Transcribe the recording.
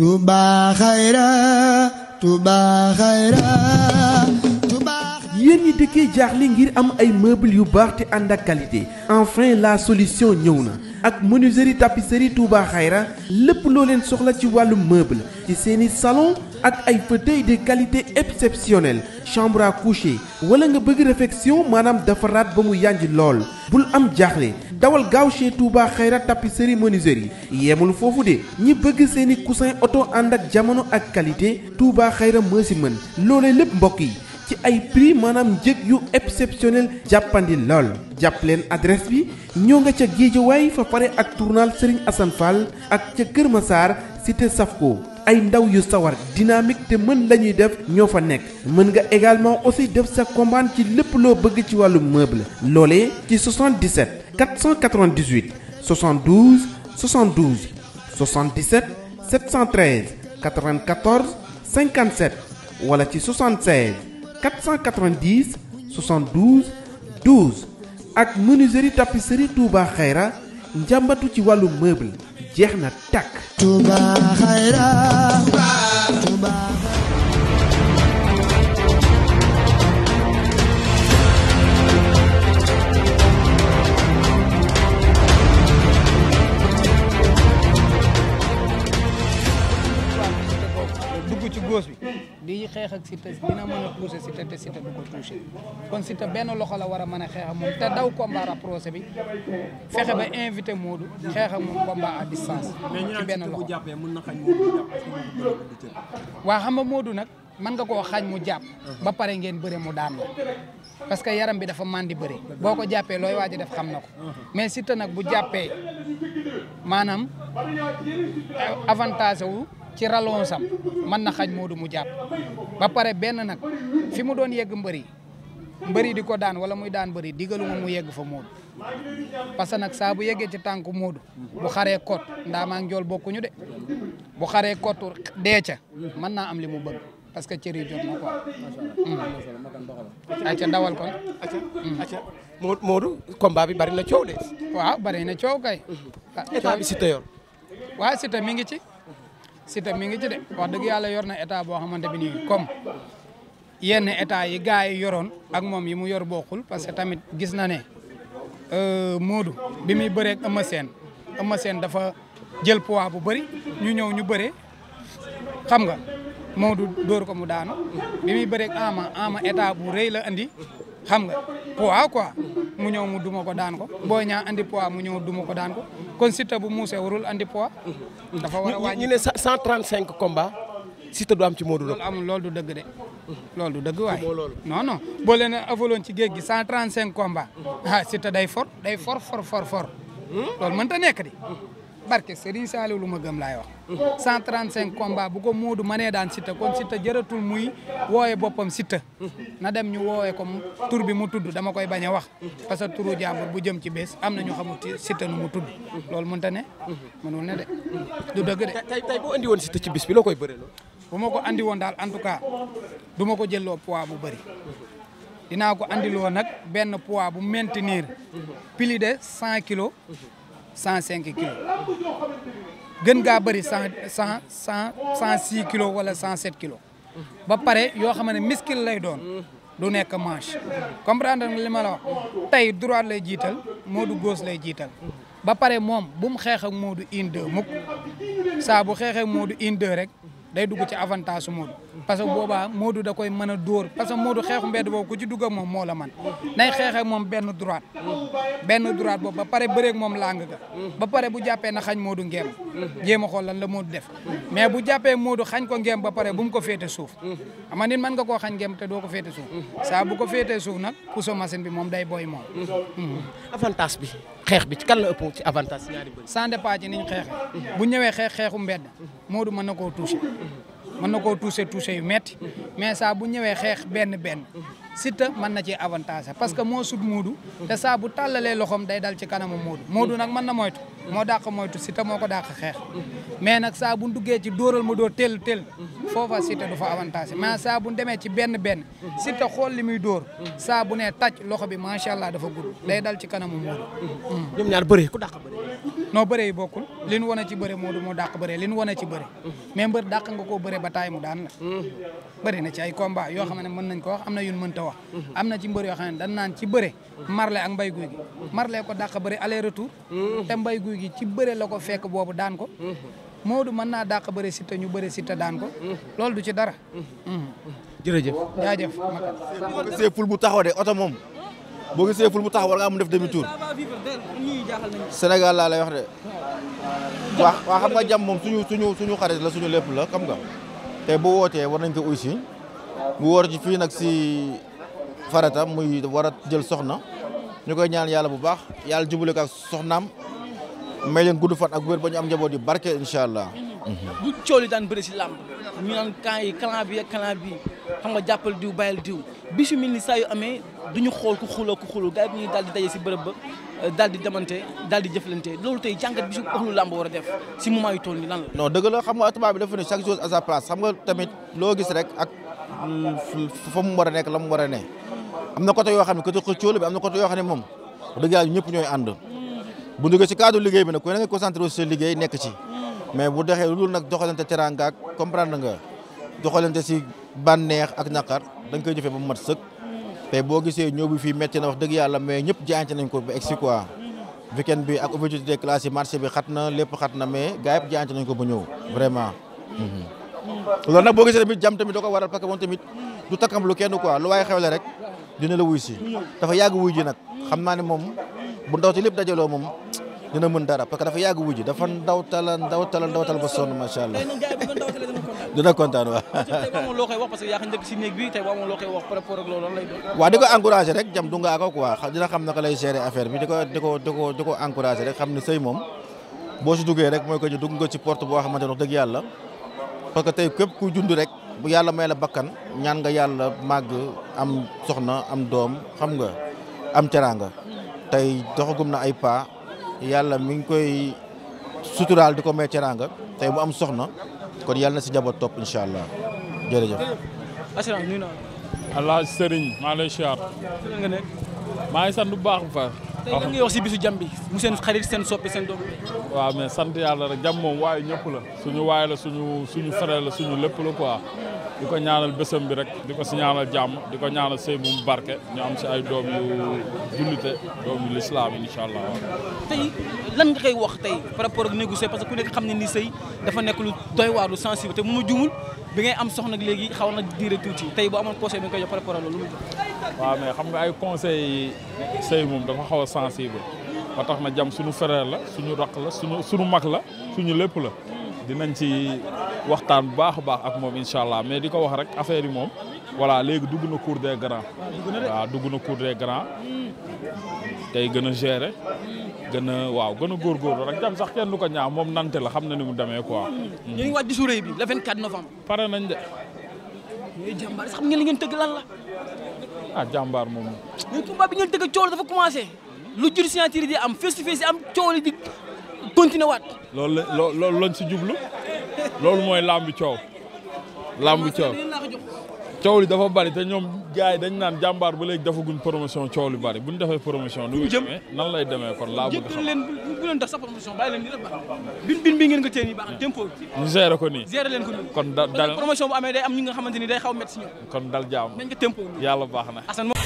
Touba Khayra Touba Khayra yéen ñi dëkkee jaaxle ngir am ay meubles yu baax te ànd ak qualité enfin la solution ñëw na ak menuiserie tapisserie Touba Xayra lépp loo leen soxla ci wàllu meuble ci seeni salon ak ay fauteuil de qualité exceptionnelle chambre à coucher wala nga bëgg réfection maanaam defaraat ba mu yànj lool bul am jaaxle dawal gaaw chez Touba Xayra tapisserie menuiserie yemul foofu de ñi bëgg seeni coussin oto ànd ak jamono ak qualité Touba Xayra moo si mën loolee lépp mbokk yi ci ay prix maanaam njëg yu exceptionnel jàppandi lool jàpp leen adresse bi ñoo nga ca Géejawaay fa pare ak tournal Serigne Assane Fall ak ca Kër Massar cité Safko ay ndaw yu sawar dynamique te mën la ñuy def ñoo fa nekk mën nga également aussi def sa commande ci lépp loo bëgg ci wàllu meuble loole ci 77 498 72 72 77 713 94 57 wala ci 76 490 72 12 ak menuiserie tapisserie njàmbatu ci wàllu meuble jeex na tàkk. Touba di xeex ak Siteu dina mën a pousser Siteu te Siteu du ko touché kon Siteu benn loxo la war a mën a xeex moom te daw a rapproché bi fexe ba invité Modou xeex ak moom combat à distance. ci benn loxo waaw xam nga Modou nag mën nga koo xañ mu jàpp. Uh-huh. ba pare ngeen bëre mu daan parce que yaram bi dafa man di bëre boo ko jàppee looy waaj a def xam na ko uh-huh. mais Siteu nag bu jàppee maanaam eh, avantage wu. ci rallon sam mën na xañ Modou mu jàpp ba pare benn nag fi mu doon yegg mbëri mbëri di ko daan wala muy daan bëri digalu mu yegg fa Modou parce que nag saa bu yeggee ci tànku Modou bu xaree kot ndaa maa ngi de bu xaree kot dee ca mën naa am li mu bëgg parce que cër yi jot na quoi. ayca ndawal kon. Mm. ayca Modou combat bi bari na coow de. waaw bari na coow kay. Mm-hmm. état bi Siteu waaw Siteu mi ci. Siteu mi ngi ci de wax dëgg yàlla yor na état boo xamante bi nii comme yenn yi gars yi yoroon ak moom yi mu yor bokkul parce que tamit gis na ne euh, Modou bi muy bëree ak Eumeu dafa jël poids bu bëri ñu ñëw ñu bëree xam nga Modou dóor ko mu daanu bi muy bëree ak Ama Ama état bu rëy la andi xam nga poids quoi mu ñëw mu duma ko daan ko boo ñaa andi poids mu ñëw duma ko daan ko kon Siteu bu muusee warul andi poids. Mhm. dafa war a wàññi ñu ne 135 combats Siteu du am ci moo Lo. loolu amul loolu du dëgg de. loolu du dëgg waaye. non non boo leen ci géej gi 135 combats mhm. ah Siteu day for day for for for for. Hmm? loolu mënta nekk di. barke Serigne Saliou lu ma gëm laay wax. 135 combat bu ko Moodu mënee daan Siteu kon Siteu jëratul muy wooye boppam Siteu. na dem ñu wooye ko tur bi mu tudd dama koy bañ a wax. parce que turu jàmbur bu jëm ci bés am na ñu xamul Siteu nu mu tudd. loolu mënut a ne. mënul ne de du dëgg de. tey tey boo andi woon Siteu ci bis bi loo koy bëree lool. bu ma ko andi woon daal en tout cas du ma ko jëloo poids bu bëri. dinaa ko andiloo nag benn poids bu maintenir. plus de 100 kilos. cent cinq kilos gën gaa bëri cent cent cent cent six kilos wala cent sept kilos ba pare yoo xam ne miskil lay doon du nekk manche comprendre nga li ma tey droite lay jiital Modou gauche lay jiital ba pare moom bu mu xeex ak Modou une deux mukk saa bu xeexee Modou une rek day dugg ci avantage su Modou parce que boobaa Modou da koy mën a door parce que Modou xeexu mbedd boobu ku ci dugg ak moom moo la man nay xeex ak moom benn droite benn droite boobu ba pare bëreek moom lang ga ba pare bu jàppee na xañ Modou ngeem jéem a xool lan la Modou def mais bu jàppee Modou xañ ko ngeem ba pare bu mu ko féete suuf ama nit mën nga koo xañ ngeem te doo ko féete suuf saa bu ko féetee suuf nag puso machine bi moom day booy moom hmm. avantage bi xeex bi ci kan la ëpp ci avantage ñaari bëri sans départ ci niñ xeexee bu ñëwee xeex xeexu mbedd Modou mën na koo touché mën na koo touché touché yu metti mais saa bu ñëwee xeex benn benn Siteu mën na ci avantage parce que moo sut Modou te saa bu tàllalee loxoom day dal ci kanamu Modou Modou nag mën na moytu moo dàq moytu Siteu moo ko daax xeex mais nag saa bu duggee ci dooral ma doo teel teel foofa Siteu du fa avantage ma saa bu demee ci benn benn Siteu xool li muy door saa bu nee taj loxo bi macha allah dafa gudd day dal ci kanamu Modou mm-hmm. ñoom ñaar bëri ku dàq bëri mm-hmm. non bokkul li ñu wane ci bëre Modou moo dàq bëre li ñu wane ci bëre mm-hmm. mais mbër dàq nga ko bëre ba taay mu daan la bëri na ci ay combat yoo xam ne mën nañ ko wax am na yun mën ta wax am na ci mbër yoo xam ne dan naan ci bëre marle ak mbay guy gi marle ko dàq bëre aller retour te mbay guy gi ci bëre la ko fekk boobu daan ko Modou mën naa dàq bëre Siteu ñu bëre Siteu daan ko. loolu du ci dara. jërëjëf jaajëf. boo gisee ful bu taxaw de oto moom boo gisee ful bu taxaw war ngaa mun def demi tour Sénégal laa lay de. waa xam nga jàmm moom suñu suñu suñu xarit la suñu lépp la xam nga te bu wootee war nañ ko uy si bu woor ci fii nag si farata muy war a jël soxna ñu koy ñaan yàlla bu baax yàlla jubale ko ak soxnaam may leen gudd fan ak wér ba ñu am njaboot yu barke incha allah. bu cool daan bëri si làmb ñu naan camp yi clan bi ak clan bi xam nga jàppal diw bàyyil diw bis yu mel ni saa amee du ñu xool ku xuloo ku xuloo gars yi ñuy daal di daje si bërëb ba euh, daal di demante daal di jëflante loolu tey jàngat bi su ëxlu làmb war def si moom yu tool nii lan la. non dëgg xam nga tubaab bi dafa ne chaque chose à sa place xam nga tamit loo gis rek ak mm, fa mu war a nekk la mu war a ne am na côté yoo xam ne côté xëccoo la bi am na côté yoo xam ne moom dëgg yàlla ñëpp ñooy ànd bu duggee si cadre liggéey bi nag ku ne nga concentré sa liggéey mais bu doxee lu dul nag doxalante teranga ak comprendre nga doxalante si bànneex ak naqar da koy jëfee ba mu mat sëkk te boo gisee ñëw bi fii metti na wax dëgg yàlla mais ñëpp jaayante nañ ko ba egsi quoi weekend bi ak ouverture des classes yi marché bi xat na lépp xat na mais gaa yëpp jaayante nañ ko ba ñëw vraiment mhm. loolu nag boo gisee tamit jam tamit doo ko waral parce que moom tamit du takkam lu kenn quoi lu waaye xewle rek dina la wuy si mhm. dafa yàgg wuy ji nag xam naa ne moom bu ndaw ci lépp dajaloo moom dina mën dara parce que dafa yàgg wuji dafa ndaw tala ndaw tala ndaw tala ba sonn macha allah. dina kontaan waaw. loo koy wax parce que yaa njëkk si néeg ko encouragé rek jam du nga ko dina xam naka lay gérer affaire bi di ko di ko di ko di ko encouragé rek xam ne sëy moom boo si duggee rek mooy ko ci dugg nga ci porte boo xamante ne wax dëgg yàlla parce que tey képp ku jund rek bu yàlla may la bakkan ñaan nga yàlla màgg am soxna am doom xam nga am teraanga tey doxagum na ay pas yàlla mi ngi koy suturaal di ko may teraanga tey mu am soxna kon yàlla na si jaboot topp incha allah jërëjëf. assurance nuyu naa la. allah Serigne maa lay ngi sant bu baax bu baax. tey lan ngay wax si bisu jàmm bi mu seen xarit seen soppi seen doom. waaw mais sant yàlla rek jàmm moom waaye ñëpp la. suñu waay la suñu suñu la suñu lépp la quoi. di ko ñaanal bésam bi rek di ko si ñaanal jàmm di ko ñaanal sëy bu mu barke ñu am si ay doom yu jullite doom yu lislaam incha allah tey lan nga koy wax tey par rapport ak négocier parce que ku nekk xam ne ni sëy dafa nekk lu doy waar lu sensible te mu ma bi ngay am soxna léegi xaw na diire tuuti tey boo amoon conseil bi nga koy jox par rapport ak loolu waaw mais xam nga ay conseil sëy moom dafa xaw a sensible ba tax na jam suñu frère la suñu raq la suñu suñu mag la suñu lépp la dinañ ci waxtaan bu baax a baax ak moom incha allah mais di ko wax rek affaire yi moom voilà léegi dugg na cour de grands. waaw dugg na cour de grands. tey gën a gérer. gën a waaw gën a góorgóorlu rek jam sax kenn du ko ñaax moom nante la xam na ni mu demee quoi. ñu ngi wàcc suuree bi le 24 novembre. pare nañ de. yooyu jàmbaar xam ngeen li ngeen tëgg lan la. ah jàmbaar moom. mais combat bi ngeen tëgg coow dafa commencé. lu jur signature di am face to face am di continué waat. loolu la loo loolu lañ si jublu. loolu mooy làmb coow. làmb coow coow li dafa bari te ñoom gars yi dañ naan jàmbaar ba léegi defaguñ promotion coow li bari bu ñu defee promotion. nu jëm nan lay demee kon laa bëgg xam leen bu leen def sax promotion bàyyi leen bin bin bi ngeen nga téye nii baax na tempo ñu gérer ko nii gérer leen ko kon dal promotion bu amee day am ñi nga xamante ni day xaw a métti si ñoom. kon dal jaam nañ baax na.